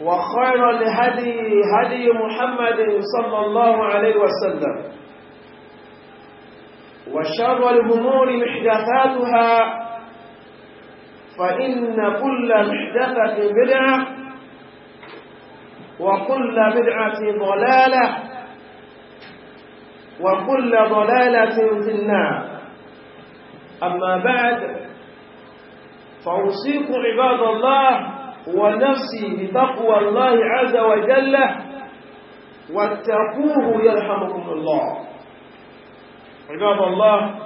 وخير الهدي هدي محمد صلى الله عليه وسلم وشر الأمور محدثاتها فإن كل محدثة بدعة وكل بدعة ضلالة وكل ضلالة في النار أما بعد فأوصيكم عباد الله ونفسي بتقوى الله عز وجل واتقوه يرحمكم الله عباد الله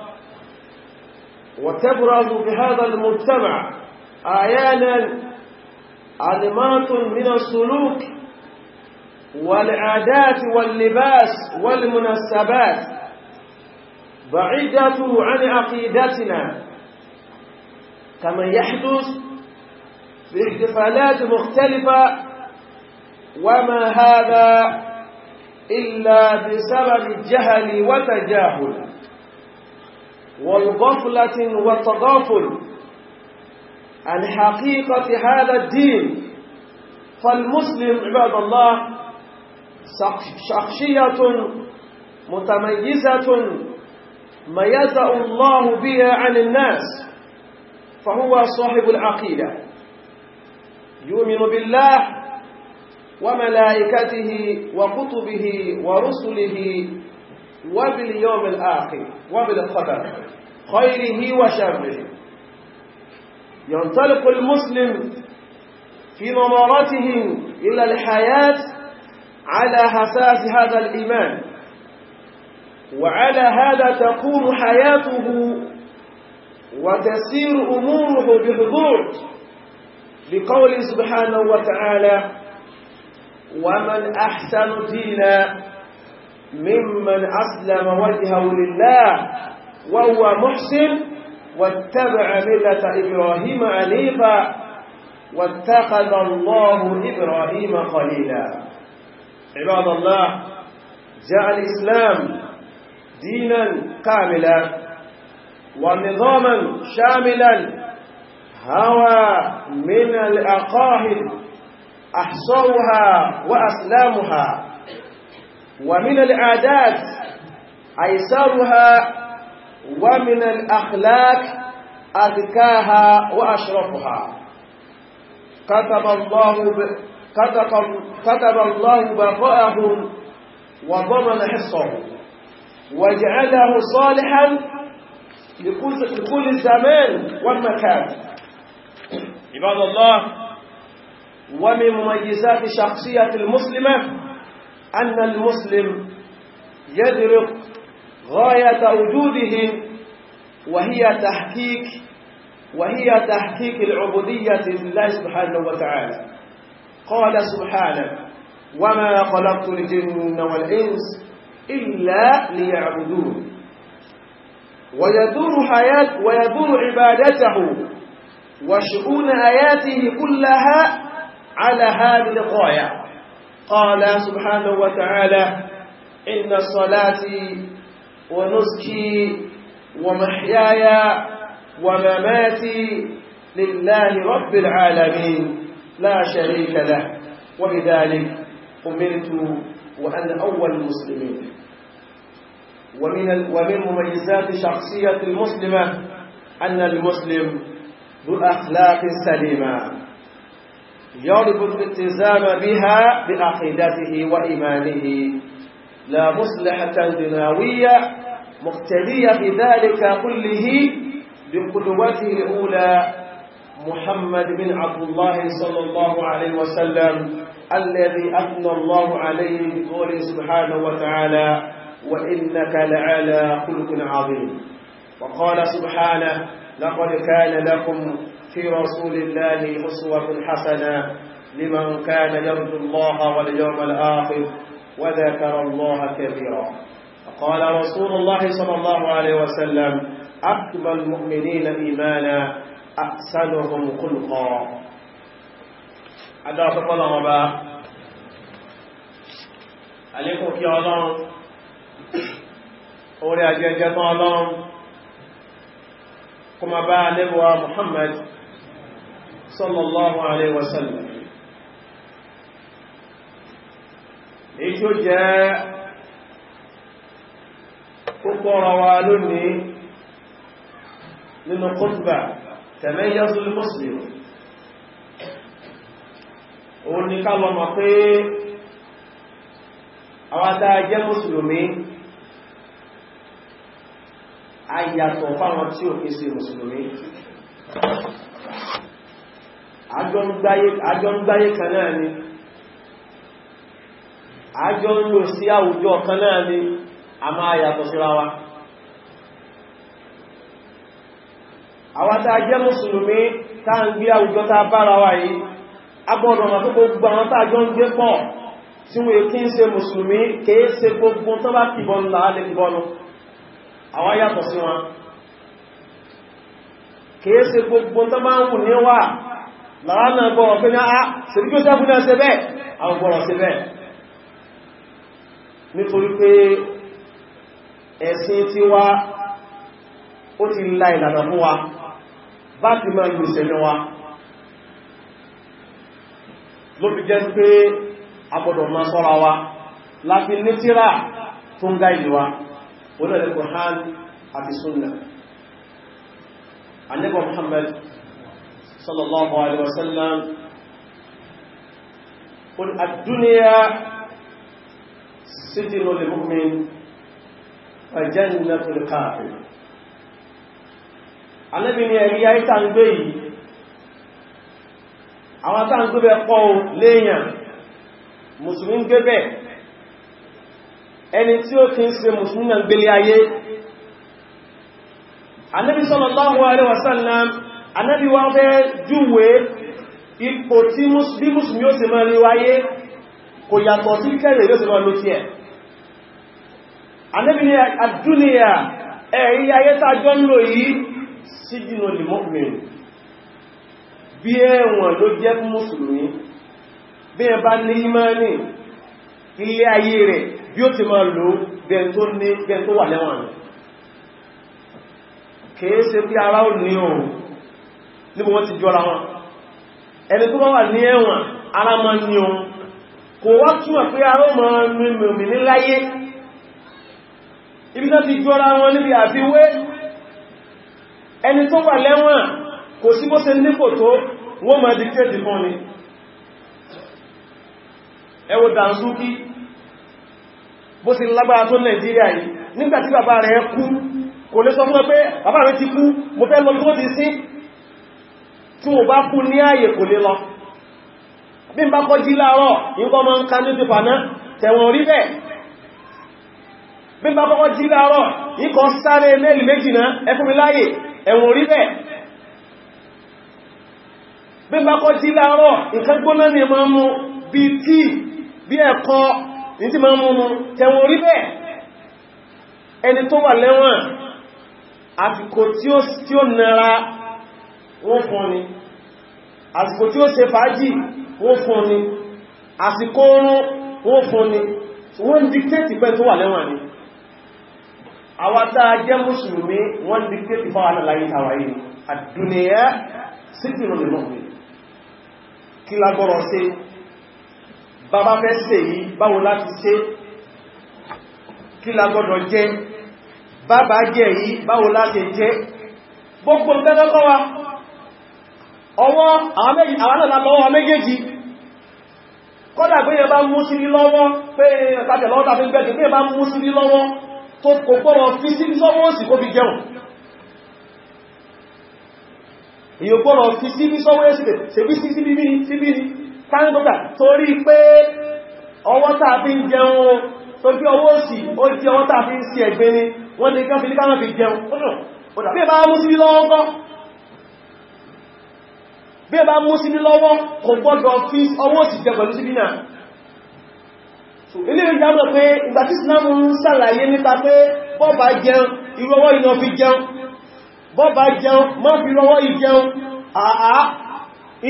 وتبرز في هذا المجتمع آيانا علمات من السلوك والعادات واللباس والمناسبات بعيدة عن عقيدتنا كما يحدث باحتفالات مختلفة وما هذا إلا بسبب الجهل وتجاهل والغفلة والتغافل عن حقيقة هذا الدين فالمسلم عباد الله شخصية متميزة ميزأ الله بها عن الناس فهو صاحب العقيدة يؤمن بالله وملائكته وكتبه ورسله وباليوم الآخر وبالقدر خيره وشره ينطلق المسلم في نظرته إلى الحياة على أساس هذا الإيمان وعلى هذا تكون حياته وتسير أموره بحضور لقول سبحانه وتعالى ومن أحسن دينا ممن أسلم وجهه لله وهو محسن واتبع ملة إبراهيم عنيفا واتخذ الله إبراهيم خليلا عباد الله جاء الإسلام دينا كاملا ونظاما شاملا هوى من الأقاهل أحصوها وأسلامها ومن العادات أيسرها ومن الأخلاق أذكاها وأشرفها كتب الله ب... كتب... كتب الله بقاءهم وضمن حصه وجعله صالحا لكل, لكل زمان ومكان عباد الله ومن مميزات شخصية المسلمة أن المسلم يدرك غاية وجوده وهي تحقيق وهي تحقيق العبودية لله سبحانه وتعالى قال سبحانه وما خلقت الجن والإنس إلا ليعبدون ويدور حياة ويدور عبادته وشؤون آياته كلها على هذه الغاية قال سبحانه وتعالى إن صلاتي ونسكي ومحياي ومماتي لله رب العالمين لا شريك له وبذلك أمرت وأنا أول المسلمين ومن, ومن مميزات شخصية المسلمة أن المسلم ذو أخلاق سليمة يربط الالتزام بها بعقيدته وإيمانه لا مصلحة دنيوية مقتدية بذلك كله بقدوته الأولى محمد بن عبد الله صلى الله عليه وسلم الذي أثنى الله عليه بقوله سبحانه وتعالى وإنك لعلى خلق عظيم وقال سبحانه لقد كان لكم في رسول الله أسوة حسنة لمن كان يرجو الله واليوم الآخر وذكر الله كثيرا قال رسول الله صلى الله عليه وسلم أكمل المؤمنين إيمانا أحسنهم خلقا أدعوك الله ربا عليكم في الله أولي أجل جمع الله kuma bá anẹ́bọ̀wà Muhammad sallallahu alaihi wasallam èyí tó jẹ́ kókó ọ̀rọ̀ wa lónìí nínú kútbà tẹ̀mẹ́yẹ́sùn muslim òun ni ká lọ mọ̀ pé àwọn adájẹ́ mùsùlùmí ayàtọ̀ fáwọn tí ò fi ṣe mùsùlùmí àjọ ń gbáyé kan náà ni àjọ ń lò sí àwùjọ kan náà ni a máa yàtọ̀ síra wa àwọn tá a jẹ́ mùsùlùmí tá ń gbé àwùjọ tá bára wa yìí agbọ́dọ̀ ma tó gbogbo àwọn tá a jọ ń gbé pọ̀ tí wọ́n èkí ń ṣe mùsùlùmí kèé ṣe gbogbo tó bá kìbọn láàlẹ́ ìbọnú àwa yàtọ̀ sí wọn kìí gbogbo tó máa ń wù ní wà lára náà ní a ah, ṣèrí kí ó sẹ́kún náà bẹ́ẹ̀ àwọn bẹ́ẹ̀ nítorí ti wa bá ti máa lò ìṣẹ̀lẹ̀ wa ló fi jẹ́ pé a gbọ́dọ̀ máa ṣọ́ra wa láti tó ń gá ìlú wa wọ́n lè kùrán àti súnnà annabi muhammad sallallahu alaihi wasallam kun ad-dunya sitru lil mu'min wa jannatu lil kafir annabi ní ẹ̀rí ayé tá ń gbé yìí àwọn tá ń gbé bẹ́ pọ̀ léèyàn ẹni tí ó kí ń ṣe mùsùlùmí náà gbélé ayé anábi sallallahu alaihi wasallam anábi wá fẹ́ júwe ipò tí bí mùsùlùmí ó ṣe máa rí wáyé kò yàtọ̀ sí kẹrẹ yóò ṣe máa ló tí ẹ̀ anábi ni àdúnìyà ẹ̀rí ayé tàjọ́ ń lò yìí síjìnà lè mọ́kùnrin bí ẹ̀wọ̀n ló jẹ́ fún mùsùlùmí bí ẹ bá ní ìmánì ilé ayé rẹ̀ bí ó ti máa lò bẹ́ẹ̀ tó ní bẹ́ẹ̀ tó wà lẹ́wọ̀n rẹ̀ kìí ṣe bí ara ò ní òun níbo wọ́n ti jọra wọn ẹni tó bá wà ní ẹ̀wọ̀n ara máa ní òun kò wá túnmọ̀ pé ara máa ní mìí ní láyé ibi tó ti jọra wọn níbi àfiwé ẹni tó wà lẹ́wọ̀n kò sí bó ṣe nípò tó wọ́n máa dìkẹ́ dìbọn ni ẹwọ dàǹsúkí bó ti lágbára tó nàìjíríà yìí nígbàtí bàbá rẹ̀ kú kò lè sọ fún ẹ pé bàbá rẹ̀ ti kú mo fẹ́ lọ bí ó ti sí tí mo bá kú ní ààyè kò lè lọ bí n bá kọjí láàárọ̀ nǹkan máa ń ka ní ti fàná tẹ̀wọ̀n rí bẹ́ẹ̀ bí n bá kọ́kọ́ jí láàárọ̀ nǹkan sáré mẹ́lì méjì náà ẹ fún mi láàyè ẹ̀wọ̀n rí bẹ́ẹ̀ bí n bá kọ́ láàárọ̀ nǹkan gbóná ni máa mú bí tíì bí ẹ̀kọ́ ní tí máa múnú tẹ̀wọ̀n rí bẹ́ẹ̀ ẹni tó wà lẹ́wọ̀n àsìkò tí ó nara wọ́n fún ni àsìkò tí ó ṣe fàájì wọ́n fún ni àsìkò oorun wọ́n fún ni wọ́n ń dìkẹ́tì pẹ́ tó wà lẹ́wọ̀n ni àwátá jẹ́ mùsùlùmí wọ́n dìkẹ́tì fáwọn aláyé bàbá fẹ́ ṣe yìí báwo láti ṣe kí la gbọ́dọ̀ jẹ bàbá jẹ yìí báwo láti jẹ gbogbo tẹ́lọ́kọ́ wa ọwọ́ àwọn náà lọ́wọ́ méjèèjì kọ́dà pé yẹ bá mú sí ní lọ́wọ́ pé ẹ̀kàtẹ̀ lọ́wọ́ tàbí gbẹ̀kẹ̀ pé yẹ bá mú sí ní lọ́wọ́ tó kò pọ́rọ̀ fi sí sọ́wọ́ sí kó fi jẹun èyí sáńgbọ́gbà torí pé ọwọ́ tàà fi ń jẹun o tó kí ọwọ́ òsì ó jẹ ọwọ́ tàà fi ń sí ẹ̀gbẹ́ ni wọ́n ni kán fi ní káwọn fi jẹun bí ẹ bá mú sí ní lọ́wọ́ kò gbọ́dọ̀ fi ọwọ́ òsì jẹ pẹ̀lú síbí náà ilé ìjábọ̀ pé ìgbà tí sinamu ń sàlàyé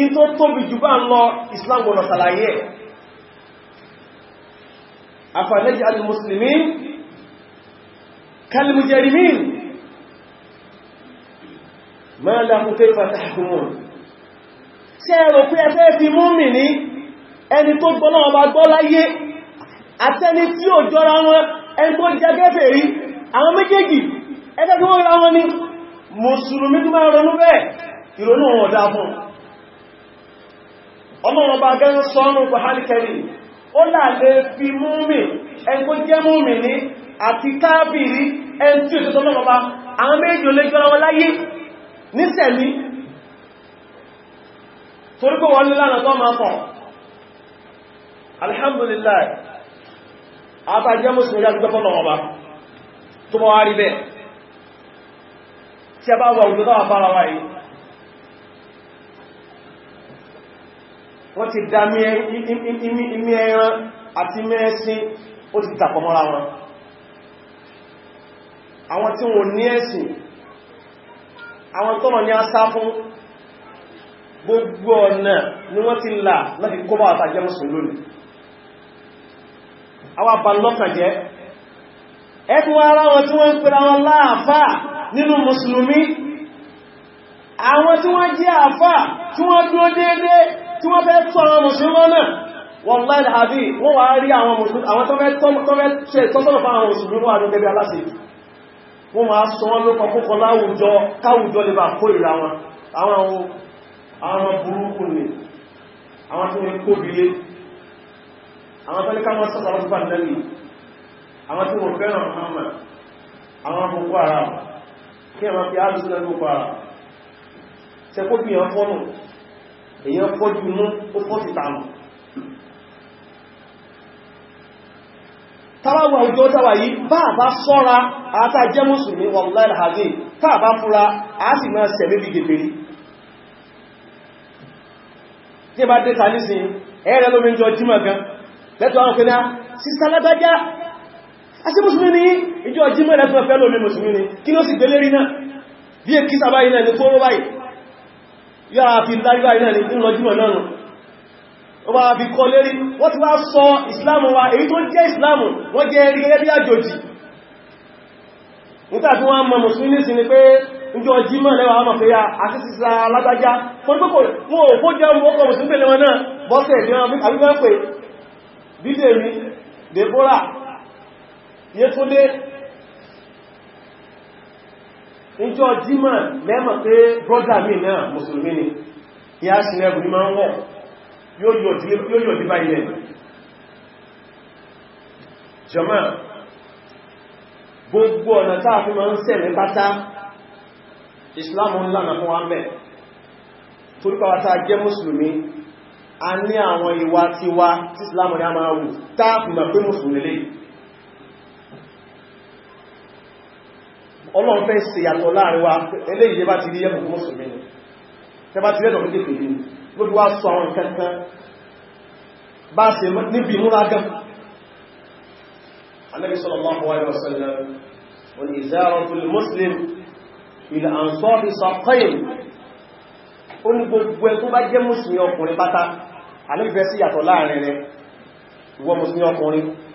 in tó tóbi jù bá ń lọ islam gbọ́nà sàlàyé afàlẹ́jì al-musulmi kalmujerimin ma lákúté fatahun ṣe ẹ̀rọ pé ẹfẹ́ fi múmi ní ẹni tó gbọ́nà ọba gbọ́ láyé àtẹni tí ò jọra wọn ẹni tó jẹ́gẹ́fẹ̀ rí àwọn méjèèjì ẹgbẹ́ wọn ní mùsùlùmí tó máa ronú bẹ́ẹ̀ ìrònú ọ̀dá fún ọlọ́run bá gẹ́ ń sọ́nù pàhálìkẹ́rì ó láàrẹ fi múmi ẹnkó jẹ́ múmi ní àti káàbìrí ẹn tí òtútọ́ lọ́wọ́ bá àwọn méjì olè jọ́ra wọn láyé nísẹ̀mí torí pé wọ́n nílànà tó máa pọ̀ alhamdulillah àtàjẹ́ mùsùlùmí àti gbẹ́fọ́ lọ́wọ́ bá tó bọ́ wá rí a bá wà òjò tó wà fara wáyìí wọ́n ti dá imí ẹran àti mẹ́ẹ̀sìn ó ti tàpọ̀ mọ́ra wọn àwọn tí wọ́n ní ẹ̀sìn àwọn tọ́nà ní asá fún gbogbo ọ̀nà ni wọ́n ti là láti kó bá àtàjẹ́ mùsùn lónìí àwọn àbàlọ́kànjẹ́ ẹkùn ara wọn tí wọ́n ń pèrà wọn láàfáà nínú mùsùlùmí àwọn tí wọ́n jẹ́ àfáà tí wọ́n dúró déédéé tí wọ́n fẹ́ tọ́ àwọn mùsùlùmí náà wọ́n láì àbí wọ́n wà rí àwọn mùsùlùmí àwọn tó fẹ́ tọ́sọ́nà fún àwọn mùsùlùmí wà ní gẹ́gẹ́ aláṣẹ wọ́n máa sọ wọ́n lókọ púpọ̀ láwùjọ káwùjọ lè bá kó ni àwọn tó ní kóbilé àwọn tó ní ká wọ́n sọ́sọ́ lọ́pàá lẹ́lì bí ẹ̀ nye fọ́jú mú ó fọ́ ti tààmù tàbáwà ìjọ yìí bá sọ́ra àtà jẹ́ mùsùlùmí wallahi alazim tàà bá fúra a sì máa sẹ̀mí bí gẹ̀gẹ̀rẹ̀ tí bá dẹ́ta nísìn ẹ̀rẹ́ lómi jọ jímọ̀ gan lẹ́tọ̀ àwọn pẹ̀lá sísá lágbájá àti mùsùlùmí ní ìjọ jímọ̀ rẹ̀ fún lómi mùsùlùmí ní kí ló sì yára fi dáríwá iná ní ìrọjúmọ̀ náà ó bá fi kọ lérí wọ́n ti sọ ìsìláàmù wa èyí tó jẹ́ ìsìláàmù wọ́n jẹ́ rí gẹ́gẹ́ bí àjòjì nígbà tí wọ́n mọ̀ mùsùlùmí sí ni pé ìjọ jímọ̀ lẹ́wàá mọ̀ pé àti sísà alágbájá fún níjọ́ jímọ̀ lẹ́mọ̀ pé brọ́dà mi náà mùsùlùmí ni ìyá sinẹ́bù ní máa ń wọ̀ yóò yóò dí bá ilẹ̀ jọmọ́ gbogbo ọ̀nà táà fi máa ń sẹ̀rẹ̀ pátá ìsìláàmù ńlá na fún wa mẹ́ torípàwà táà jẹ́ mùsùlùmí a ní àwọn ìwà tiwa tí ìsìláàmù ní a máa wù táà fi máa pé mùsùlùmí lẹ́yìn ọlọ́run fẹ́ ṣe yàtọ̀ láàrin wa eléyìí bá ti rí yẹ́mù mùsùlùmí ni tẹ bá ti rẹ̀ lọ́pẹ́ pèpè ní ló bí wá sọ àwọn kankan bá ṣe níbi ìmúra gan Ànábì sallallahu alaihi wasallam wal izaratul muslim ila ansafi saqayn ó ní gbogbo ẹ tó bá jẹ́ mùsùlùmí ọkùnrin pátá Ànábì fẹ́ sí yàtọ̀ láàrin rẹ̀ ìwọ mùsùlùmí ọkùnrin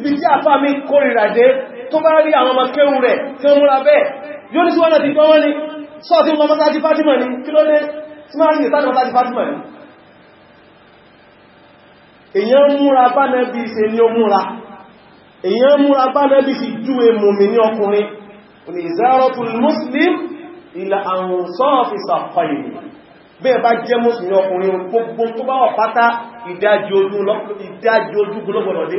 ibi tí àfá mi kórìrà dé tó bá rí àwọn ọmọ kéhù rẹ̀ tí ó múra bẹ́ẹ̀ yóò ní síwọ́nà ti gbọ́wọ́ ni sọ́ọ̀tí wọn mọ́sájí Fátímà ni kí ló dé tí máa rí ìsáàdì mọ́sájí Fátímà ni èyàn múra bá nẹ́bí ni ó múra èyàn múra bá nẹ́bí fi júwe mùmí ní ọkùnrin ní ìzárọ́tul muslim ìlà àwọn sọ́ọ̀fì sàkọ̀yìn bẹ́ẹ̀ bá jẹ́ mùsùlùmí ọkùnrin gbogbo tó bá wà pátá ìdájí ojú gbogbo lọ́gbọ̀lọ́dé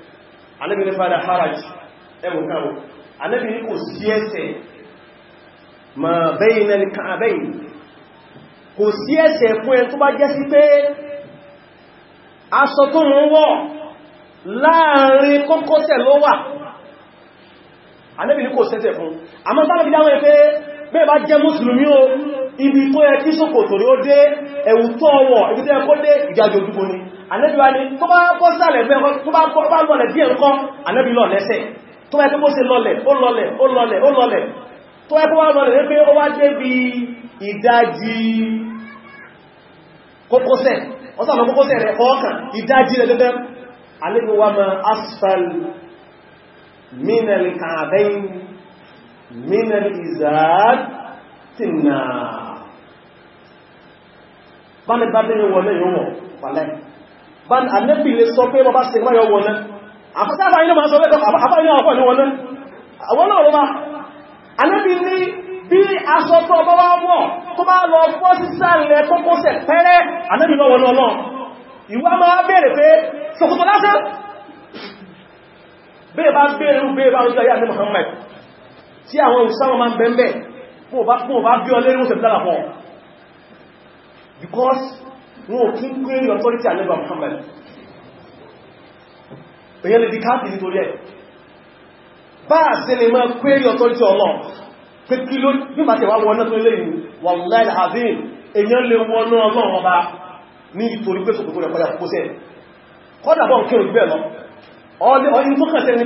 Ànábì ní fàdà haraj ẹwùn káwò Ànábì ní kò sí ẹ̀ṣẹ̀ ma bayna al-ka'bayn kò sí ẹ̀ṣẹ̀ fún ẹ tó bá jẹ́ sí pé aṣọ tó mọ́ wọ́ láàrin kókósẹ̀ ló wà Ànábì ní kò sẹ́ṣẹ̀ fún àmọ́ sáàbí dáwọn ẹ̀fẹ́ bẹ́ẹ̀ bá jẹ́ mùsùlùmí o ibi tó yẹ kí ṣòkòtò rí ó dé ẹ̀wù tó ọwọ̀ ibi tó yẹ kó dé ìjàjò dúgbò ni Ànábì wá ní tó bá bọ́ sálẹ̀ fẹ́ tó bá bọ́ lọ́lẹ̀ bí ẹ̀kọ́ Ànábì lọ lẹ́sẹ̀ tó bá ẹgbẹ́ bó ṣe lọlẹ̀ ó lọlẹ̀ bá ẹgbẹ́ wá pé ó wá dé bí ìdajì kókósẹ̀ ọ̀sánà kókósẹ̀ rẹ̀ ọkàn ìdajì rẹ̀ gẹ́gẹ́ Ànábì wá asfal minal ka'bayn minal izar tinna bá bá ban annabi lè sọ pé bọ́bá sí ẹgbẹ́ yọwọ́ náà àfẹ́sẹ́ àbáyé náà sọ pé àbáyé náà ọkọ̀ ní wọn náà àwọn náà rọ́bá annabi ní bí aṣọ tó bá wá wọ́ tó bá lọ fọ́ sí sáàlẹ̀ kókósẹ̀ pẹ́rẹ́ annabi náà wọn náà ìwà máa bèèrè pé ṣòkòtò lásán bẹ́ẹ̀ bá bèèrè bẹ́ẹ̀ bá ń jẹ́ àti Muhammad tí àwọn òṣìṣẹ́ máa ń bẹ́ẹ̀ bẹ́ẹ̀ fún ọba bí ọlẹ́rìn ó sẹ̀ because wọn ò kí ń pé authority àlẹ́bà Muhammad èyàn lè di káàkì nítorí ẹ̀ bá àṣẹ lè máa pé authority ọ̀nà pé kí ló nígbà tẹ̀wà wọná tó lè wallahi alazim èyàn lè wọná ọlọ́run ọba ní ìtorí pé sọ̀tọ̀ rẹ̀ padà kó sẹ́ kọ́dà bọ́n kí òjú bẹ́ẹ̀ lọ ọdún tó kàn sẹ́ni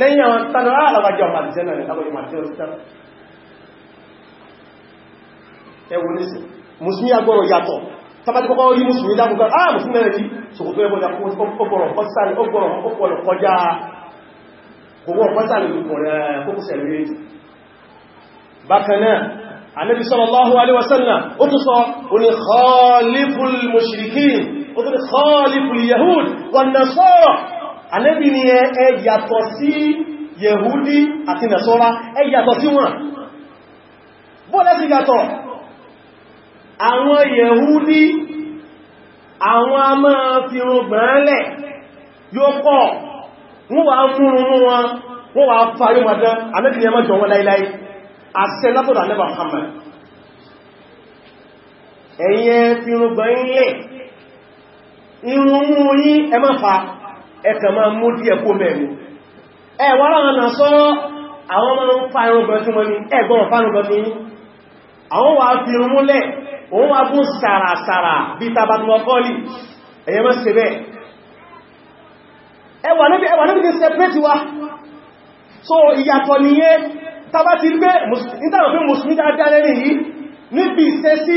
lẹ́yìn àwọn tánà alábàjọ́ àmàlìsẹ́nà ni àwọn ìmàtíọ̀ síta ẹwọ nísìn musulmi agbọ́rọ̀ yàtọ̀ tàbí kọ́kọ́ rí musulmi dákùnkọ́ ah musulmi rẹ̀ tí sọ̀kọ̀tọ̀ ẹgbọ́n ọgbọ̀rọ̀ ọ̀sán ọgbọ̀rọ̀ anẹ́bì ni ẹ yàtọ̀ sí yẹ̀húdí àti nàṣọ́rá ẹ yàtọ̀ sí wọn bọ́lẹ̀ sí yàtọ̀ àwọn yẹ̀húdí àwọn a máa fi rọgbọ̀nlẹ̀ yóò pọ̀ wọ́n wà múrùn wọn wọ́n wà fàyí mọ̀dán anẹ́bì ni ẹ mọ́jọ wọn láíláí àṣẹ látọ̀dọ̀ anẹ́bà mú yí ẹ fa ẹkàn máa mú díẹ̀ kó mẹ́rin ẹwọ́n láwọn náà sọ́rọ̀ àwọn máa ń fa irun gan tí wọ́n ní ẹgbọ́n fánú gan ní àwọn wà fi irun múlẹ̀ òun wà fún sàràsàrà bí tabatulọ́kọ́lì ẹ̀yẹ mọ́ sí bẹ́ẹ̀ ẹwà níbi ti sẹpẹ́tì wa so ìyàtọ̀ nìyẹn tàbá ti rí pé ìtàwọn pé mùsùlùmí dáadáa lẹ́rin yìí níbi ìṣẹ́ sí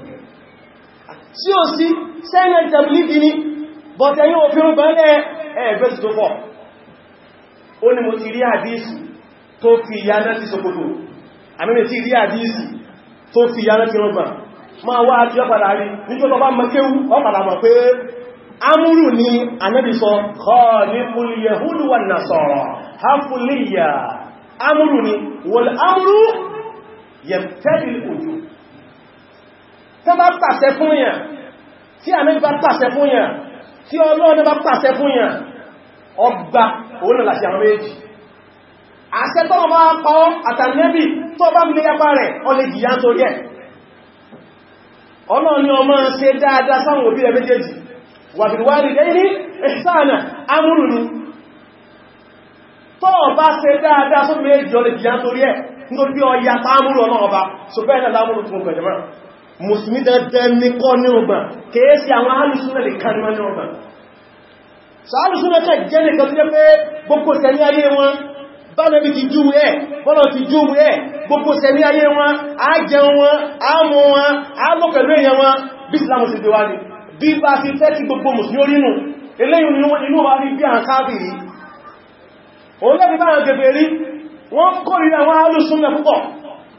sí ò sí sẹ́nẹ̀tì tàbílìgì ní bọ̀tẹ̀ yíò fi rúgbà ẹ̀ ẹ̀ẹ̀gbẹ́ sí tó pọ̀ ó ní mo ti rí àdíìsì tó fi yánà ti sokoto àmìnà ti rí àdíìsì tó fi yánà ti rúgbà ma wá àti ọpàdà rí nítorí ọba mọ́kéwú ọpàdà mọ̀ pé amúrù ni anẹ́bì sọ khaliful yahudu wan nasara hafuliyya amúrù ni wal amúrù yabtadi al-wujuh tó bá pàṣẹ fún yàn tí àmì bá pàṣẹ fún yàn tí ọlọ́ọ̀dọ́ bá pàṣẹ fún yàn ọgbà òun náà láti àwọn méjì àṣẹ tó bá pọ́ àtànẹ́bì tó bá mi léyàpá rẹ̀ ọ lè jìyà torí ẹ̀ ọlọ́ọ̀ni ọmọ ṣe dáadáa sáwọn òbí rẹ̀ méjèèjì wà fi wá rí lẹ́yìn ìsáànà amúrù ni tó bá ṣe dáadáa só méjì ọ lè jìyà torí ẹ̀ nítorí ọya pàmúrù ọlọ́ọ̀ba so bẹ́ẹ̀ náà lámúrù fún ọgbẹ̀jẹ̀mọ́ mùsùlùmí dandan ní kọ́ ní ọgbà kèèsì àwọn alùsùnà lè kan ní ọgbà so alùsùnà kà jẹ́ nìkan tó jẹ́ pé gbogbo sẹ̀mí ayé wọn bánàbí ti jú ẹ̀ bọ́nà ti jú ẹ̀ gbogbo sẹ̀mí ayé wọn a jẹun wọn a mú wọn a lọ pẹ̀lú èèyàn wọn bí islamu ti wá ní bí bá ti fẹ́ ti gbogbo mùsùlùmí orínú eléyìn inú wa rí bí àwọn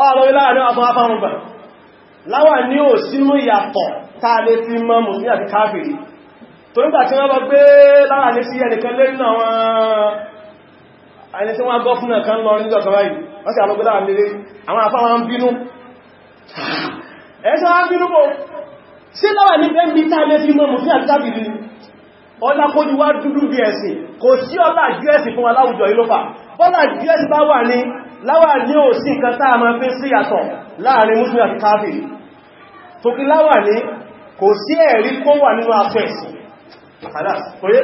ọ̀rọ̀ láàrin ọ̀tún afárúgbà láwà ní ò sínú ìyàtọ̀ tààlé tí mọ́ mùsùlùmí àti káfìrí tó nígbà tí wọ́n bá gbé láwà ní sí ẹnìkan lé nínú àwọn ẹni tí wọ́n gọ́fúnà kan lọ nílò ọ̀kan báyìí wọ́n sì àlọ́gbé láwà léré àwọn afá wọn bínú ẹ̀ẹ́sẹ́ wọn bínú bò sí láwà ní pẹ́ bí tààlé tí mọ́ mùsùlùmí àti káfìrí ọlá kójú wá dúdú bí ẹ̀sìn kò sí ọlá jù fún aláwùjọ ìlófà bọ́lá jù bá wà ní láwà ní ò sí nǹkan táà máa fi sí yàtọ̀ láàrin muslim àti káfìrí tó kí láwà ní kò sí ẹ̀rí kó wà nínú aṣọ ẹ̀sìn àdá oye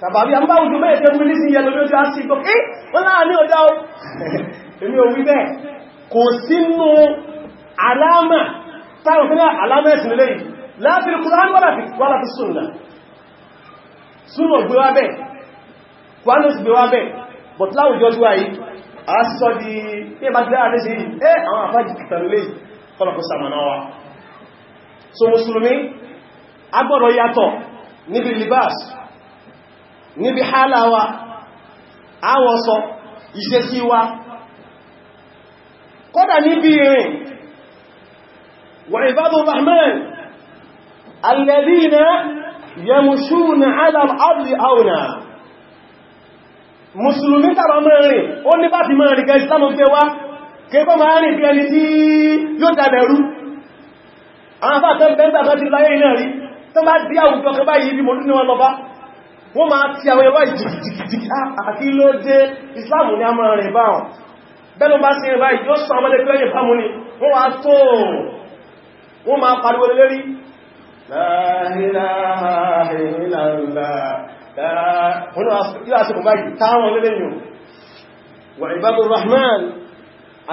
tàbàbí a ń bá ojú mẹ́ẹ̀ẹ́ tẹ́gbí ní sí yẹ lórí ojú àti ìgbọ́ eh wọ́n gbé wá bẹ́ẹ̀ wọ́n gbé wá bẹ́ẹ̀ but láwùjọ tí a sọ di ní ẹbá jẹ́ àrẹ́sì yìí ẹ́ àwọn àfájì kìtàlélé kọlọ̀kú sàmànà wa so musulmi agbọ́dọ̀ yàtọ̀ níbi libas níbi hálà wa àwọn sọ ìṣesí wa kọ́dà níbi ìrìn wà ìbádọ̀ rahman alladhina yamshuna ala al-ardi awna mùsùlùmí tàbà máa rìn ó ní bá ti máa rìn kẹ ìsìlámù gbé wá kéèkọ́ máa rìn bí ẹni tí yóò dàbẹ̀rú àwọn afáàtẹ́ bẹ́ntà tó ti láyé ah, ah, a máa rìn báwọn bẹ́nu bá sí ẹ̀bá ìjọ́ sọ ni wọ́n wá tó wọ́n máa pariwo la ilaha illallah yóò àṣìkò báyìí táwọn lẹ́lẹ́yìn wà ìbábò rahman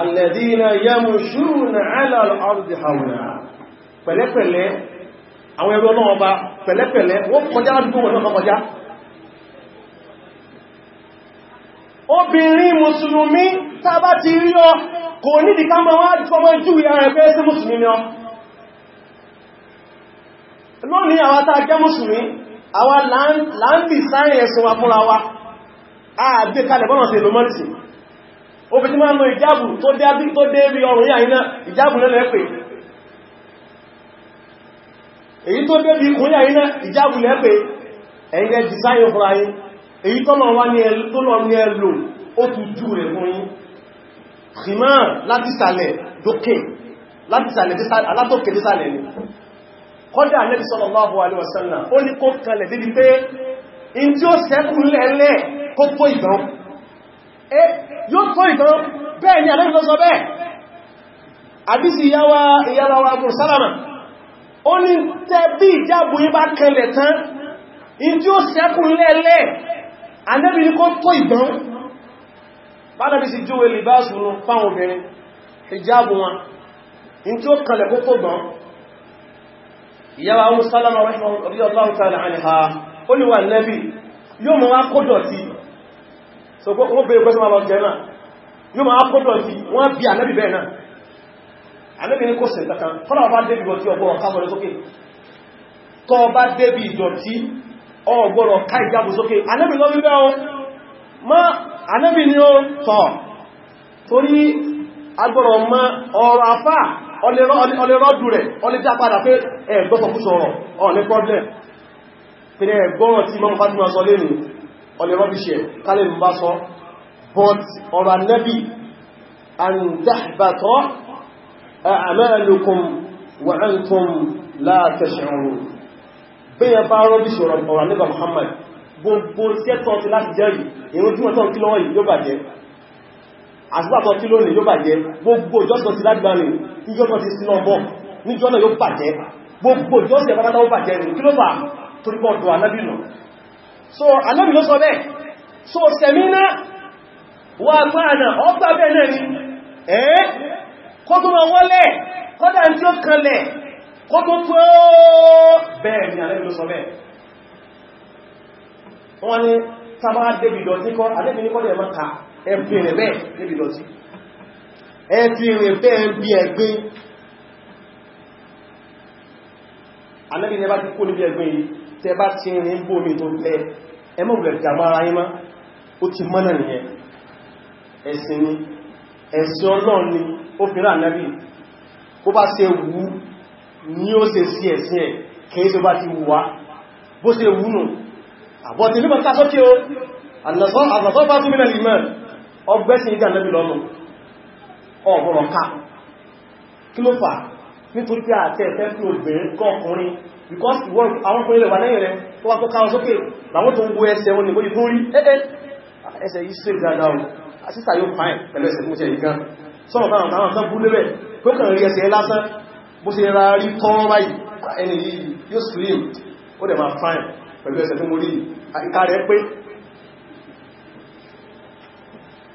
alẹ́dínà yamshuna ala al-ardi hauna pẹ̀lẹ́pẹ̀lẹ́ àwọn ẹgbẹ́ ọlọ́wọ́ bá pẹ̀lẹ́pẹ̀lẹ́ wọ́n kọjá ládùgbò wọn náà kọjá obìnrin mùsùlùmí tàbá ti rí ọ kò nídi ká mọ́ wájú fọmọ jù ya ẹgbẹ́ sí mùsùlùmí lónìí àwọn tàà jẹ́ mùsùlùmí àwa láńdì sáyẹ̀ ẹ̀sìn wa fúnra wa ààbí kalẹ̀ bọ́nà sí ìlúmọ́lìsì o fi tí máa lọ ìjábù tó dé bí tó dé rí ọrùn yà iná ìjábù lẹ́lẹ̀ pè èyí tó dé bí kún yà iná ìjábù lẹ́pẹ̀ ẹ̀yẹ jì sáyẹ̀ fúnra yín èyí tọ́nà wá ní ẹlò ó tún jù rẹ̀ fún yín kìmá láti sàlẹ̀ dókè láti sàlẹ̀ alátòkè désàlẹ̀ ni kọ́dá Ànábì sallallahu alaihi wasallam ó ní kó kalẹ̀ débi pé in tí ó sẹ́kù lẹ́lẹ́ kó tó ìdán eh yóò tó ìdán bẹ́ẹ̀ ni Ànábì sọ bẹ́ẹ̀ àbísí ìyáwá ìyáwá Abu Salama ó ní tẹ́ bí ìjábù yí bá kalẹ̀ tán in tí ó sẹ́kù lẹ́lẹ́ Ànábì ní kó tó ìdán bádàbí sí júwe libáṣù wọn in tí ó kalẹ̀ kó tó gbọ́n ìyáwà ọmọ sálàmà radiyallahu ta'ala anha ó ní wà nẹ́bí yóò mọ́ akódọ̀ tí so wọ́n bèèrè pẹ́sọ́mà lọ jẹ́ náà yóò mọ́ akódọ̀ tí wọ́n bí ànẹ́bí bẹ́ẹ̀ náà ànẹ́bí ní kò sí kankan tọ́lá bá débi ìdọ̀tí ọgbọ́rọ̀ kábọ̀lẹ̀ sókè tọ́ bá débi ìdọ̀tí ọgbọ́rọ̀ ká ìjábù sókè ànẹ́bí lọ wíwẹ́ o ma ànẹ́bí ni ó tọ̀ torí ọlẹ́rọ́dù rẹ̀ ọlẹ́já padà pé ẹ̀gbọ́pọ̀ fún sọ̀rọ̀ ọ̀lẹ́ problem pé ẹgbọ́rọ̀ tí mọ́ fàtíwà sọ lé ní ọlẹ́rọ́bíṣẹ́ kálẹ̀ mú bá sọ but ọ̀rọ̀ annabi an tahbata a'malukum wa antum la tash'urun bẹ́yẹn bá rọ́bíṣ ọ̀rọ̀ annabi Muhammad gbogbo sẹ́tọ̀ ti láti jẹ́rì ìrújú ọ̀tọ̀ kí lọ́wọ́ yóò bàjẹ́ àṣìbàtọ̀ tí lónìí yóò bàjẹ́ gbogbo ìjọsọ̀ ti lágbàmì ìjọsọ̀ ti sínú ọmọ níjọ́nà yóò bàjẹ́ gbogbo ìjọsẹ̀ bàbátà ó bàjẹ́ rẹ̀ kí ló bà torípọ̀ ọ̀dọ̀ anábìnà so anábì ló sọ bẹ́ẹ̀ so sẹ̀mínà wà gbáàna ọgbà bẹ́ẹ̀ náà ni ẹ́ kó tó máa wọ́lẹ̀ kọ́dà tí ó kanlẹ̀ kó tó tó bẹ́ẹ̀ ni anábì ló sọ bẹ́ẹ̀ wọ́n ni tàbá débìdọ̀ tí kọ́ ẹ̀fì rẹ̀ bẹ́ẹ̀ níbi lọ sí ẹ̀fì rẹ̀ bẹ́ẹ̀ bí ẹ̀gbin Ànábì ní ẹbá ti kó níbi ẹ̀gbin yìí tẹ bá ti rìn bómi tó lẹ ẹmọ́ rẹ̀ dàmọ́ ara yín má ó ti mọ́nà nìyẹn ẹ̀sìn ni ẹ̀sìn Ọlọ́run ni ó fi rán Ànábì bó bá ṣe wù ní ó ṣe sí ẹ̀sìn ẹ̀ kìí tó bá ti wù wá bó ṣe wù nù àbọ̀tẹ̀ nípa tásọ́kẹ́ o àlọ́sọ́ bá tún mìíràn ọgbẹ́sìn ìdí ànẹ́bì lọ́nà ọ̀bọ̀rọ̀ ká kí ló fà nítorí pé àti ẹ̀fẹ́ fún obìnrin kọkùnrin because ìwọ́n àwọn ọkùnrin lẹ̀wà lẹ́yìn rẹ̀ tó wá tó káwọn sókè láwọn tó ń wo ẹsẹ̀ wọn nìbójú tó rí ẹsẹ̀ yìí sí ìdáadáa ohun àṣíṣà yóò fàáyìn pẹ̀lú ẹsẹ̀ fún ìṣẹ̀lẹ̀ gan sọ́rọ̀ bá àwọn kan bú lébẹ̀ tó kàn rí ẹsẹ̀ lásán bó ṣe ra rí tán báyìí ẹni yìí yóò slim ó dẹ̀ máa fàáyìn pẹ̀lú ẹsẹ̀ fún orí ìkà rẹ̀ pé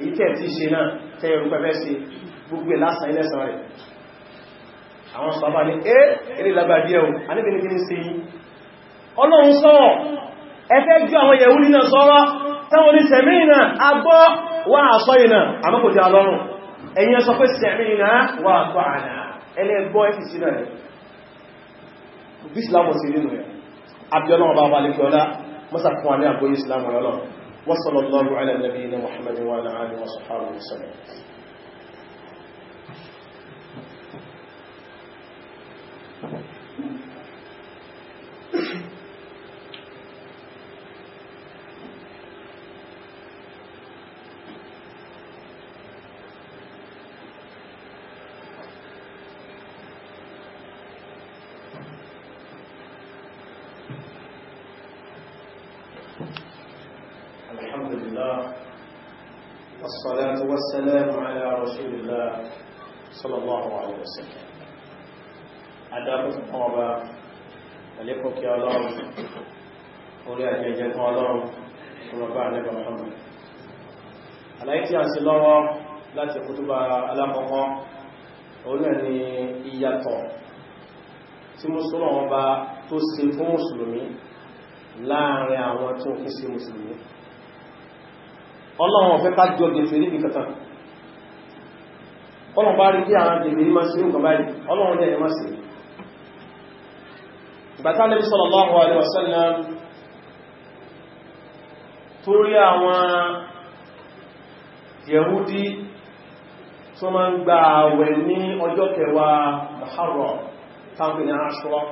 èyí tẹ́ tí ṣe náà tẹ́ ẹrù pẹ́fẹ́ sí gbogbo lásán ilẹ́sàn rẹ̀ àwọn sọ́bá ní ẹ́ eré lágbàdí ẹ̀hùn anìbìnigini sí ọlọ́run sọ́rọ̀ ẹfẹ́ jù àwọn yẹ̀wúrí náà sọ́rọ̀ táwọn ní sẹ̀mìnà agbọ́ wà àṣọ́ ìnà àmọ́kòjá ọlọ́run ẹ̀yìn sọ pé sẹ̀mìnà wà àtọ́ àná ẹlẹ́gbọ́ ẹ̀fì sí náà rẹ̀ bí islamu sí nínú rẹ̀ abiola ọba abalẹ́kọ́lá mọ́sàkún alẹ́ àgbóyí islamu ọlọ́run وصلى الله على نبينا محمد وعلى آله وصحبه وسلم kí ọlọ́run orí àjẹjẹ fún ọlọ́run ọmọbá àlẹ́bà tí a lọ́wọ́ láti ni ìyàtọ̀ tí mùsùlùmí wọn bá tó ṣe fún mùsùlùmí láàrin àwọn tó kí sí mùsùlùmí ọlọ́run ọ̀fẹ́ ká jọ gẹ̀fẹ̀ níbi kàtà ọlọ́run bá rí kí àwọn ní máa ìgbàtà Nabi sallallahu alaihi wasallam torí àwọn Yẹ̀húdí tó ma ń gba àwẹ̀ ní ọjọ́ kẹwàá Muharram táwọn ní Ashura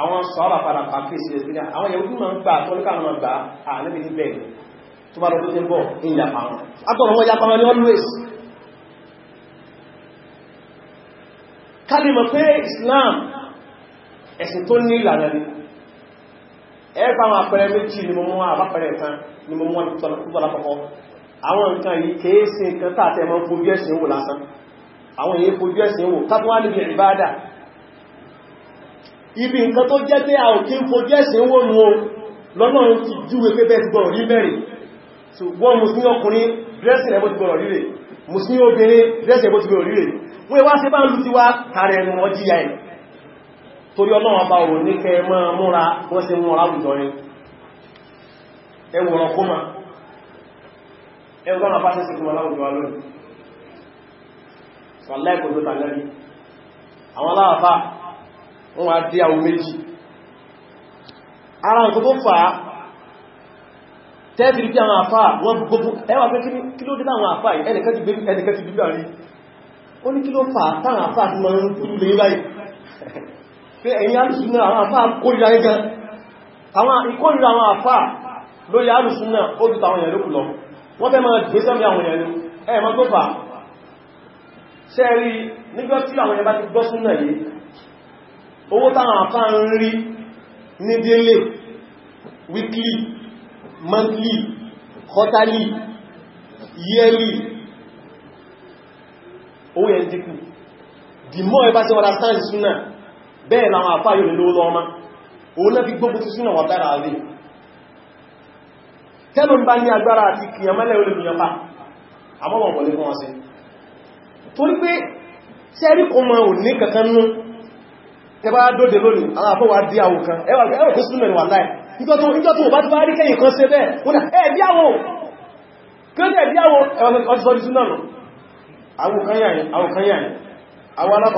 àwọn sọ́ọ̀rọ̀ padà pàkíyèsí ẹ̀sìnlẹ̀ àwọn Yẹ̀húdí ma ń gbà tọ́lúkà àwọn gbà àlẹ́bì ní bẹ̀rẹ̀ tó pé Islam ẹ̀sìn tó ní ìlànà ni ẹ̀ẹ́fà àwọn àpẹẹrẹ méjì ni mo mú àbápẹẹrẹ kan ni mo mú ìtọ́lá kọ́kọ́ àwọn nǹkan yìí kèé sí nǹkan tààtẹ̀ mọ́ fojú ẹ̀sìn wò lásán àwọn èyí fojú ẹ̀sìn wò tábí wá níbi ìbádà ibi nǹkan tó jẹ́ pé a ò kí ń fojú ẹ̀sìn wò nù o lọ́nà ti júwe pé bẹ́ẹ̀ ti gbọ́rọ̀ rí bẹ̀rẹ̀ wọ́n mùsùlùmí ọkùnrin dírẹ́sì rẹ̀ bó ti gbọ́rọ̀ ríre mùsùlùmí obìnrin dírẹ́sì rẹ̀ bó ti gbọ́rọ̀ ríre wọ́n wá sí bá ń lù ti wá tààrẹ ẹnu ọjíyà ẹ̀ torí ọlọ́wọ́ bá wò ní kẹ máa múra wọ́n sí mọ́ àwùjọ ni ẹwọ̀rọ̀ kó ma ẹwọ̀rọ̀ bá sí sí kó ma láwùjọ lónìí wàláhì kò tó tàlẹ́bí àwọn aláàfà wọ́n wá dí àwọn méjì ara nǹkan tó fà á tẹ́bìrì bí àwọn àfà wọ́n gbogbo ẹwà pé kí ló dé láwọn àfà yìí ti gbé ẹnìkan ti gbígbà rí ó ní kí ló fà á táwọn àfà ti máa ń pé ẹ̀yìn alùsùnà àwọn àfá kórìíra ẹgbẹ́ àwọn ìkórìíra àwọn àfá lórí alùsùnà ó jù tàwọn ìyẹ̀lú lọ wọ́n fẹ́ máa gbé sẹ́mì àwọn ìyẹ̀lú ẹ̀mọ́ tó fà sẹ́rí nígbà tí àwọn ìyẹ̀bá ti gbọ́ súnà yìí owó táwọn àfá ń rí ní délé weekly monthly quarterly yearly owó yẹn dínkù the more ẹbá sí understand súnà bẹ́ẹ̀ láwọn àfáà yóò lówó lọ́mọ́ fi gbógun ti súnà wọ́n dára rí tẹ́lù ń bá ní agbára àti kìyàmẹ́lẹ̀ olè àmọ́wọ̀n wọlé fún wọn sí torí pé sẹ́rí kò mọ̀ òní kankan nú tẹbá dóde lónìí àwọn àfọwà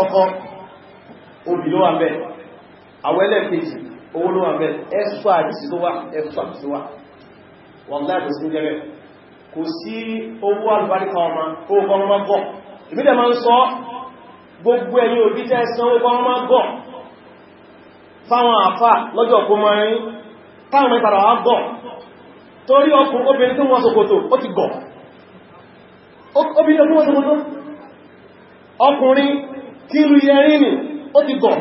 àwọn wà obì ló wà ń bẹ̀ àwọn ẹlẹ́ẹ̀kejì owó ló wà ń bẹ̀ ẹ̀fà àdìsí ló wà ẹ̀fà àdìsí wà wọ́n dá ìdòsí ń jẹ́rẹ̀ kò sí owó àlùbáríkà ọmọ owó kan máa gọ̀ ìbílẹ̀ máa ń sọ gbogbo ẹ̀yìn òbí tẹ́ san owó kan máa gọ̀ fáwọn àfà obìnrin tó wọ́n ọkùnrin kí lu yẹrí nìí ó ti gọ̀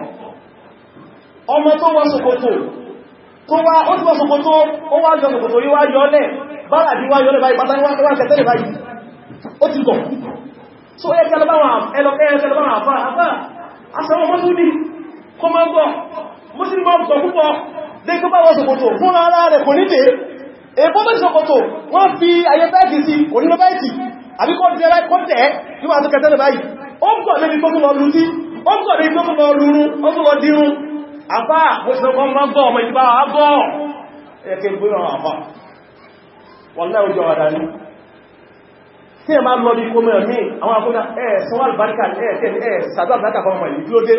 ọmọ tó wọ́n ṣòkòtò tó wá ó ti wọ́n ṣòkòtò ó wá jọ ṣòkòtò yíwá yọ́lẹ̀ bára bí wá yọ́lẹ̀ báyìí pátá wá kẹtẹ́lẹ̀ báyìí ó ti gọ̀ so ẹ èkó mẹ́rin ṣòkòtò wọ́n fi ayẹ bẹ́ẹ̀kì sí onílọ bẹ́ẹ̀kì àbíkọ́ jẹ́ láìkọ́ tẹ́ yíwa àtúkẹtẹ́lẹ̀ báyìí ó gbọ́ lẹ́bí gbọ́gbọ́ lú sí ó kọ̀ ní gbogbo ọlúrún ó kọ̀ dírún àpá òṣìṣẹ́kọ́ máa bọ́ ọmọ ìdíbà àbọ́ ẹ̀kẹ́ ìgbóná àpá wọ́n láì ojú ọ̀dá ní tí ẹ máa lọ ní kó mẹ́rin ní àwọn akọ́dá ẹ̀ sọ́wọ́ àlùbáríkà ẹ̀ sàdọ́ àbúrákà fún ọmọ ìlú lóde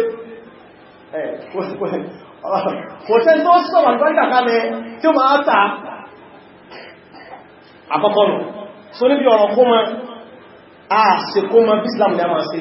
kò tẹ́ tó sọ́wọ́ àlùbáríkà kalẹ̀ tí ó máa ta àkọ́kọ́ nù so níbi ọ̀rọ̀ kó mọ́ àṣekó mọ́ bí Islam ní a máa ṣe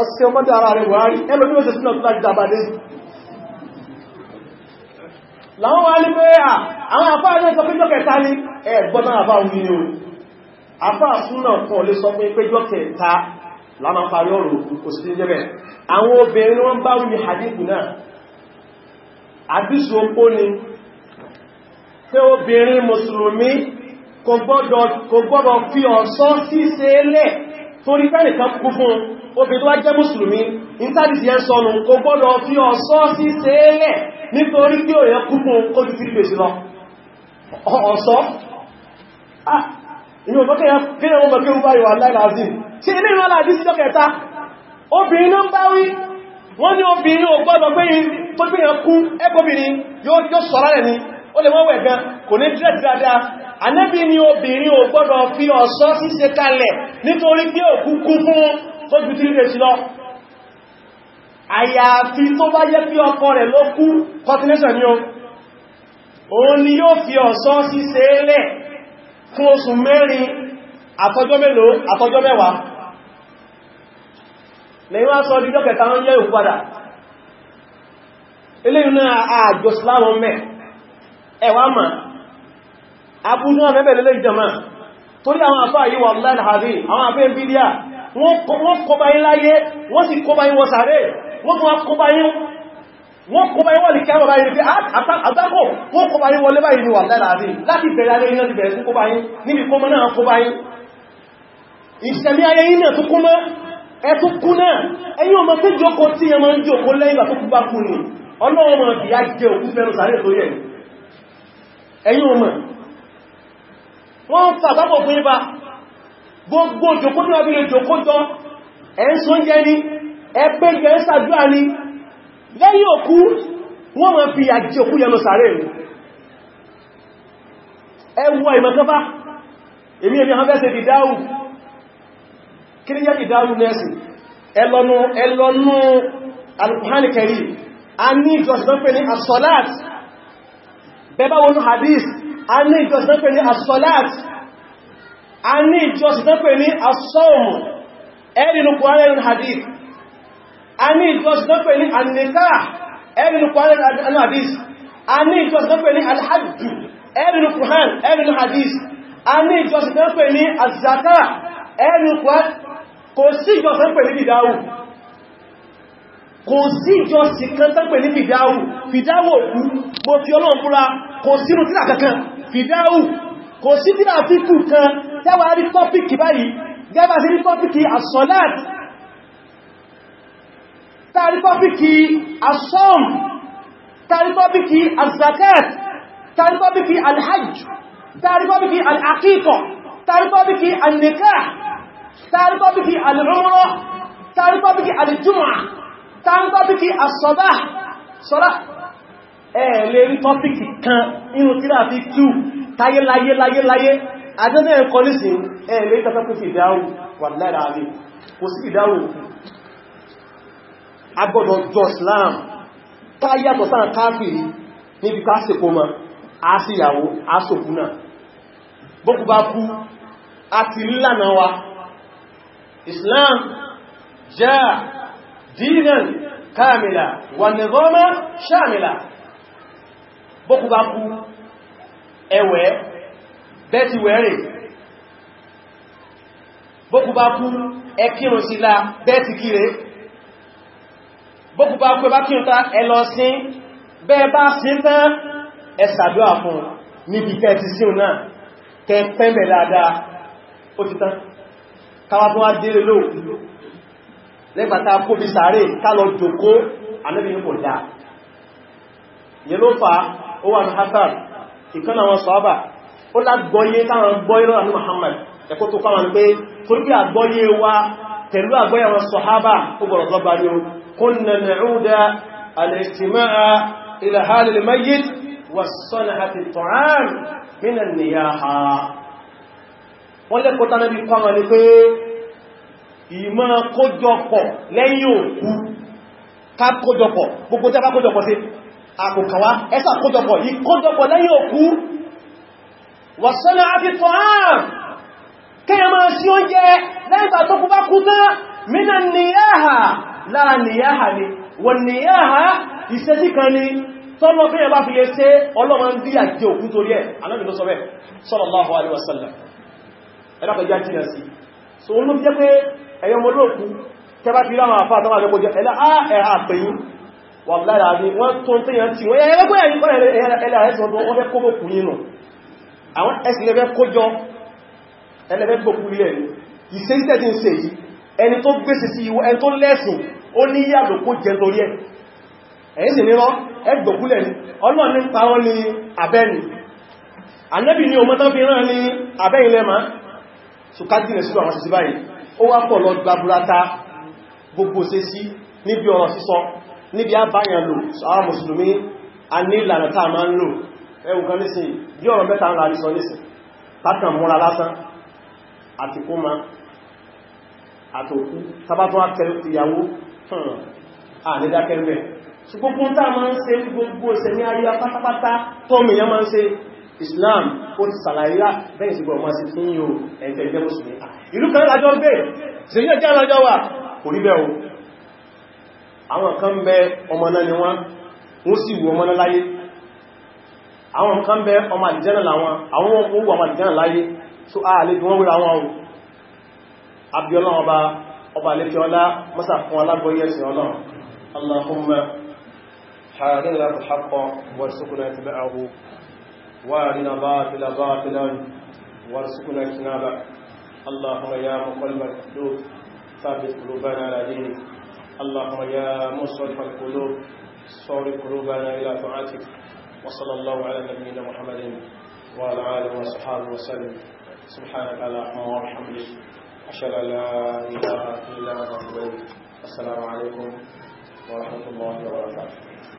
ọ̀sẹ̀ ọmọdé ara rẹ̀ buhari ẹlò ní òṣèṣúná tó láti dàbàdé láwọn wá ní pé àwọn àfáà ní ọ̀sọ̀pẹ́jọ́ kẹta ní ẹgbọ́n náà bá wí o àfáà súnà kan lè sọ pé péjọ́ kẹta lánà parí ọ̀rọ̀ kò sí jẹ́ bẹ́ẹ̀ àwọn obìnrin wọ́n bá wí hadith náà àdísù opó ni pé obìnrin mùsùlùmí kò gbọ́dọ̀ fi ọ̀ṣọ́ sí ṣe lẹ̀ torí pẹ́nìkan kú fún obì tó wá jẹ́ mùsùlùmí ìntàdìsì yẹn sọ́nù kò gbọ́dọ̀ fi ọ̀ṣọ́ sí sẹ́ẹ̀lẹ̀ nítorí pé òyẹ kúkún kó ti tí pèsè lọ ọ̀ṣọ́ ah, wọ́n ní obìnrin ò gbọ́dọ̀ pé tó gbé ẹkú ni ó lè wọ́n wẹ̀ kò ní dáadáa anẹ́bí ni obìnrin ò gbọ́dọ̀ fi sí ṣe kalẹ̀ nítorí pé òkú tó ju three days lọ àyàfi tó bá jẹ́ pé ọkọ rẹ̀ ló kú coordination ni o òun ni yóò fi ọ̀sán sí sẹ́ẹ̀lẹ̀ fún oṣù mẹ́rin àtọjọ́ mélòó àtọjọ́ mẹ́wàá lẹ́yìn wá sọ dídọ́ kẹta wọ́n yẹ́ ìpadà eléyìn náà àjò síláwọn mẹ́ ẹwà mà abúrú náà mẹ́bẹ̀lẹ́lẹ́ ìjọmá torí àwọn àfáà yíwà láìláàrí àwọn àfẹ́ ń wọ́n kọba yí láyé wọ́n sì kọba yí wọ sàárè wọ́n tún kọba yí wọ́n kọba yí wọ́n lè kẹ́ ọ̀bá yí pé ah, àtàkọ́ wọ́n kọba yí wọlé báyìí ni wà láàrin láti bẹ̀rẹ̀ ayé iná ti bẹ̀rẹ̀ fún kọba yí níbi kọmọ náà kọba yí ìṣẹ̀mí ayé iná tó kọmọ ẹtù kú náà ẹ̀yìn ọmọ tó jókòó tí ẹmọ ń jókòó lẹ́yìn bà tó kú fún ibá gbogbo jòkótó ẹbílẹ̀ jòkótó ẹ̀ẹ́sọ́njẹ́ ni ẹgbẹ́ ìgbẹ̀ẹ́sàdúrà ni lẹ́yìn òkú wọ́n mọ̀ fi àjí òkú yẹnu sàárẹ̀ ẹwọ ìmọ̀kánfà èmi èmi àwọn fẹ́sẹ̀ ìdáhù kí ní yẹ́ ìdáhù nẹ́sì ẹlọ́nú ẹlọ́nú Al-Qur'an Karim a ní ìjọsìdánpẹ̀ ní as-salat bẹ́bá wọnú hadith a ní ìjọsìdánpẹ̀ ní a ní ìjọsìn tó pè ní asọ́ọ̀mù ẹ̀rìnù kwárẹ̀rìn hadith a ní ìjọsìn tó pè ní annita ẹ̀rìnù kwárẹ̀rìn hadith a ní ìjọsìn tó pè ní alhaddu ẹ̀rìnù kuhan ẹ̀rìnù hadith a ní ìjọsìn tó pè ní azaka ẹ̀rìnù kwárẹ̀ kò sí ìjọsìn tó pè ní bidawu kò sí ìjọsìn kan tó pè ní bidawu bidawu òkú mo fi ọlọ́run búra kò sínú tíra kankan bidawu kò sí tí náà fi kù kan tẹ́wàá rí tọ́pìkì báyìí gẹ́bà sí rí tọ́pìkì asọ́láàtì tàrí tọ́pìkì asọ́m tàrí tọ́pìkì azakat tàrí tọ́pìkì alhajj tàrí tọ́pìkì alakíkọ̀ tàrí tọ́pìkì alnikah tàrí tọ́pìkì al'umrah tàrí tọ́pìkì aljum'ah tàrí tọ́pìkì táyé láyé láyé láyé adẹ́nà ẹ̀kọ́ nísìn ẹ̀rẹ́ ìtàkùn kò sí ìdáhù wà lára rẹ̀ kò sí ìdáhù agbọ́dọ̀ jọslam táyàtọ̀ sáà káàkiri níbi ká sèkó ma a sí ìyàwó a sòkú náà bókù bá kú a ti lílànà wa Islam jẹ́ dínan kàmìlà wà nìzọ́mọ́ sàmìlà bókù bá kú ẹwẹ́ bẹ́ti wẹ́rẹ̀ bókù bá kú ẹkírùn sí lá bẹ́ti kíre bókù bá kú ẹbá kírùn tá ẹlọ sí bẹ́ẹ̀ bá sí tán ẹsàdúwà fún níbi kẹtì sí náà tẹ pẹ́mẹ̀ dáadáa ó ti tán yẹ ló fa ó wà ní hassan ìkan àwọn sọ́ọ́bà ó lágbọ́yé táwọn gbọ́yé lọ́nà Muhammad ẹ̀kọ́ tó fáwọn pé torí bí àgbọ́yé wa pẹ̀lú àgbọ́yé àwọn sọ̀hábà ó gbọ́rọ̀ lọ́gbà ní o kunna na'uda al-istima'a ila hal al-mayyit àkùkàwá ẹsà kójọpọ̀ ìkójọpọ̀ lẹ́yìn òkú wọ̀sánà àti tọ́hán kíyà máa sí oúnjẹ lẹ́gbà tó kú bá kú tán mínà níyàhà lára níyàhà ni wọ́n níyàhà ìṣẹ́sí kan ni tọ́lọ kíyà bá fi lè ṣe ọlọ́run bí àjẹ́ òkú torí ẹ̀ Ànábì ló sọ bẹ́ẹ̀ sallallahu alaihi wasallam ẹ̀lá wà lára ní wọ́n tó ń tẹ́yàn tí wọ́n ẹgbẹ́ ẹ̀yìn ẹ̀yìn sì nírọ́ ẹgbòkúlẹ̀ ni ọlọ́ ní pa wọ́n ní abẹ́ni anẹ́bì ni ọmọ tán fi rán ní abẹ́yìn lẹ́màá sùkájínlẹ̀ sílọ àwọn ṣe sí báyìí ó wá pọ̀ lọ gbàbúrátá gbogbo ṣe sí níbi ọ̀rọ̀ sísọ níbi àbáyàn lò sọ́wọ́ mùsùlùmí a ní ìlànà tàà máa ń lò ẹwùn kan nísìn bí ọ̀rọ̀ mẹ́ta ń rárí sọ nísìn tákàn múra lásán àti kó ma àtòkú sábátún àkẹrìyàwó ànídákẹ́rẹ́ hmm, ṣùgbọ́n tàà máa ń ṣe gbogbo ṣe ní ayé pátápátá tọ́mìyàn máa Islam ó ti sàlàyé bẹ́ẹ̀ sí gbọmọ́ sí fún yóò ẹ̀tẹ̀ ìjẹ́ mùsùlùmí ah, ìlú kan lájọ́ bẹ́ẹ̀ àwọn kan bẹ ọmọ náà ni wọ́n wọ́n sì wù ọmọ náà láyé àwọn kan bẹ ọmọ àdìjẹ́nà láwọn àwọn owó ọmọ àdìjẹ́nà láyé so a lè fi wọ́n wúra wọn o abiola ọba ọba lẹ́fẹ́ ọlá mọ́sà fún alágbóyẹsìn ọlọ́run قلوبنا على دينك اللهم يا مصرف القلوب صور قلوبنا إلى طاعتك وصلى الله على نبينا محمد وعلى آله وصحبه وسلم سبحانك اللهم وبحمدك أشهد لا إله إلا أنت السلام عليكم ورحمة الله وبركاته